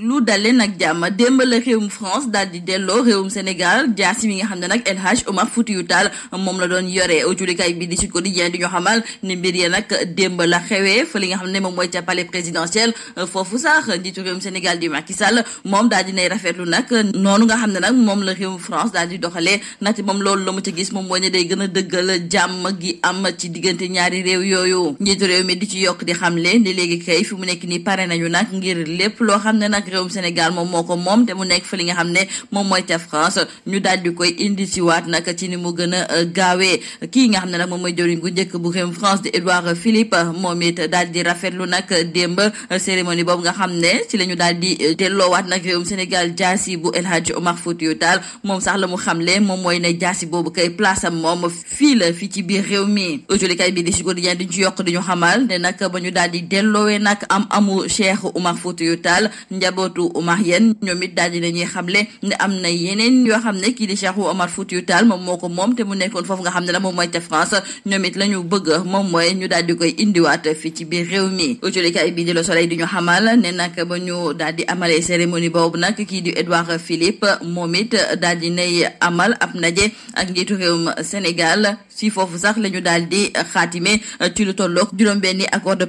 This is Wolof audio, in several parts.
lu dalee nag jàmm démb la réewum France daal di delloo réewum Sénégal jaasi mi nga xam ne nag El Hadj Omar Foutiyou Tall moom la doon yore jullikaay bi di Sud ko di ñu xamal ni mbir ya nag démb la xewee fa li nga xam ne moom mooy ca palais présidentiel foofu sax njiitu réewum Sénégal di Macky Sall moom daal di nay rafetlu nag noonu nga xam ne nag moom la réewum France daal di doxalee ndaxte moom loolu la mu ci gis moom mooy ne day gën a dëggal jàmm gi am ci diggante ñaari réew yooyu njiitu réew mi di ci yokk di xam le ni léegi kay fi mu nekk nii pare nañu nag ngir lépp ak réewum Sénégal moom moo ko moom te mu nekk fa li nga xam ne moom mooy ca France ñu daal koy indi si waat nag ci ni mu gën euh, gaawee kii nga xam ne nag moom mooy jëriñ gu njëkk bu réewum France di Édouard Philippe moom it daal di rafetlu nag euh, nga xam ne ci la daal di euh, delloowaat nag réewum Sénégal jaasi bu El Hadj Omar Foutiyou Tall moom sax la mu xamle moom mooy ne jaasi boobu kay place am moom fii la fii ci biir réew mi bi di si quotidien diñ ci yokk di ñu xamal ne nag ba ñu daal di delloowee nag am amu Cheikh Omar Foutiyou Tall njab njabootu Umayyan ñoom it daal ne am na yeneen yoo xam ko moom te mu nekkoon foofu nga xam ne la moom mooy ca France ñoom bii di Le Soleil di ñu xamal ne nag ba ñu daal di amalee cérémonie boobu nag kii di Edouard Philippe moom it daal di nay amal ab ndaje ak njiitu réewum Sénégal si foofu sax la dal daal di xaatime ci lu tolloog juróom-benni accord de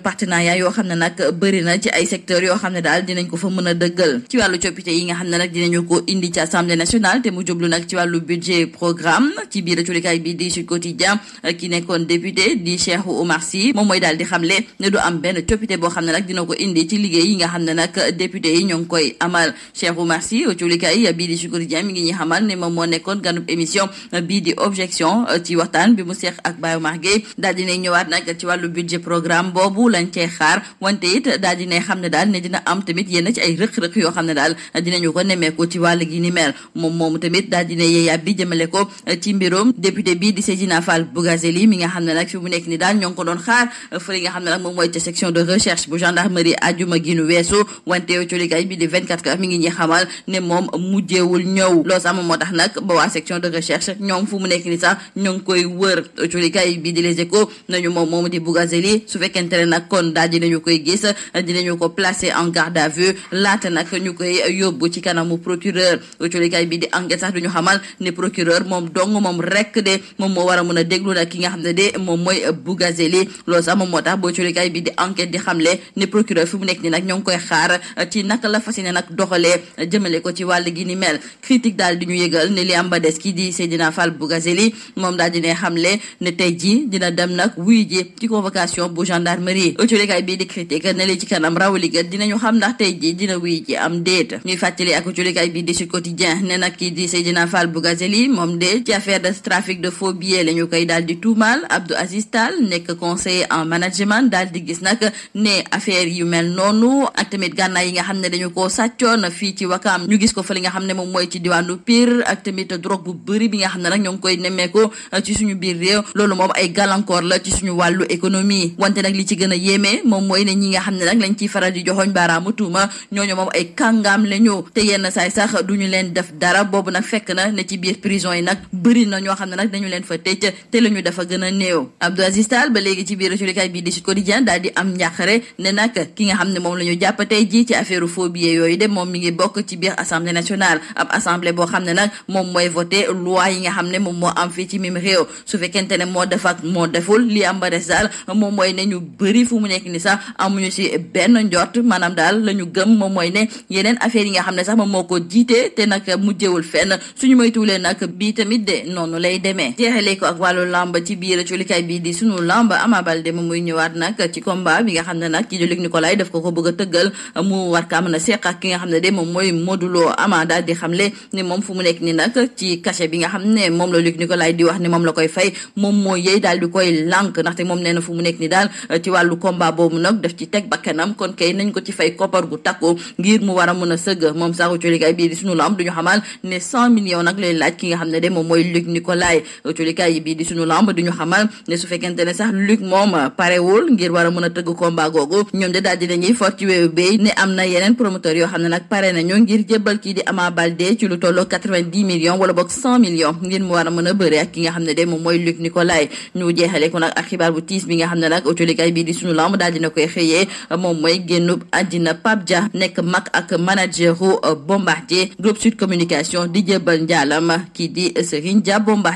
yoo xam ne nag bëri na ci ay secteurs yoo xam ne daal dinañ ko fa mën dëggal ci wàllu coppite yi nga xam ne nag dinañu ko indi ci assemblée nationale te mu jublu nag ci wàllu budget programme ci biir culikaay bi di Sud Quotidien ki nekkoon député di Cheikh Oumar moom mooy daal di xamle ne du am benn coppite boo xam ne nag dina ko indi ci liggéey yi nga xam ne nag député yi ñoo ngi koy amal Cheikh Oumar Sy culikaay bii di mi ngi ñuy xamal ne moom moo nekkoon ganub émission bii di objection ci waxtaan bi mu seex ak baay Oumar Gueye daal dinay ñëwaat nag ci wàllu budget programme boobu lañ cee xaar wante it daal dinay xam ne daal ne dina am tamit yenn ci ay rëq-rëq yoo xam ne daal dinañu ko nemmeeku ci wàll gi ni mel moom moomu tamit daal dina yeey ab di ko ci mbiroom député bii di Seydina Fall Bougazelli mi nga mu ngi ko xamal ne moom mujjeewul ñëw loolu sax moom moo tax nag ba waa section de recherche ñoom fu mu nekk ni sax ñoo koy wër colikay bi di les échos nañu moom moomu di Bougazelli su fekkente ne nag kon daal dinañu koy gis dinañu ko placer en garde à vue la laata nag ñu koy yóbbu ci kanamu procureur colikay bi di enquête sax duñu xamal ne procureur moom dong moom rek de moom moo war a mën a déglu nag ki nga xam ne de moom mooy Bougazeli loolu sax moom moo tax boo colikay bi di enquête di xamle ne procureur fi mu nekk ni nag koy xaar ci naka la fas yéene nag doxalee jëmale ko ci wàll gi ni mel critique daal di ñu yëgal ne li am ba des ki di Seydina Fall Bougazeli moom daal dina xamle ne tey ji dina dem nag wuy ji ci convocation bu gendarmerie colikay bi di critique ne li ci kanam rawligat dinañu xam ndax tey ji dina wi ci am déet ñuy fàttali ak culikaay bi di Sud Quotidien ne nag kii di Seydina Fall Bougazelli moom de ci affaire de trafic de faux billets koy daal di tuumaal Abdou Aziz nekk conseiller en management daal di gis nag ne affaire yu mel noonu ak tamit gànnaay yi nga xam ne dañu ko sàccoon fii ci wakaam ñu gis ko fa li nga xam ne moom mooy ci diwaanu Pire ak tamit drogue bu bëri bi nga xam ne nag ñoo ngi koy nemmeeku ci suñu biir réew loolu moom ay gàllankoor la ci suñu wàllu économie wante nag li a ñooñu moom ay kàngaam lañu te yenn saay sax duñu leen def dara boobu nag fekk na ne ci biir prison yi nag bëri na ñoo xam ne nag dañu leen fa tëj te la ñu dafa gën a néew Abdou Aziz Tall ba léegi ci biir républicain bii di Sud Quotidien daal di am njàqare ki nga xam ne moom la ñu jàpp tey ji ci affaire faux billets yooyu de moom mi ngi bokk ci biir assemblée nationale ab assemblée boo xam ne nag moom mooy voté loi yi nga xam ne moom moo am fii ci mim réew su fekkente ne moo def ak moo deful li am ba des moom mooy ne ñu bëri fu mu nekk nii sax amuñu si benn njort maanaam mooy ne yeneen affaire yi nga xam ne sax moom moo ko jiitee te nag mujjewul fenn suñu moytuwulee nag bii tamit de noonu lay demee jeexalee ko ak xam ne nag ki di Luc Nicolaï ko ko bëgg a tëggal mu war kaa mën a seq ak ki nga xam ne de moom mooy Modou Lo Ama daal di xamle ni moom fu mu nekk nii nag ci cachet bi nga xam ne moom la Luc Nicolaï di wax ni moom la koy fay moom moo yey daal di koy lànk ndaxte moom nee na fu mu nekk ni daal ci wàllu combat boobu nag daf ci teg bakkanam kon kay ngir mu war a mën a sëgg moom sax colikaay bii di sunu lamb duñu moom mooy Luc Nicolaï colikaay bii di ne sax Luc moom parewul ngir a mën a tëgg combat googu ñoom daal dinañuy fort ci wéewu bay ne am na yeneen promoteur yoo xam ne nag ngir jébbal kii di Ama Baldé ci lu tolloo quatre-vingt-dix millions wala boog cent millions ngir a mën a bëre ak ki nga xam ne de moom mooy Luc xam ne nag colikaay bii di sunu lamb daal dina koy xëyee moom mooy génnub àddina Pape Dia nekk nekk mag ak manageru euh, bombardier groupe sud communication di jébbal njaalam kii di Serigne Dia bombardier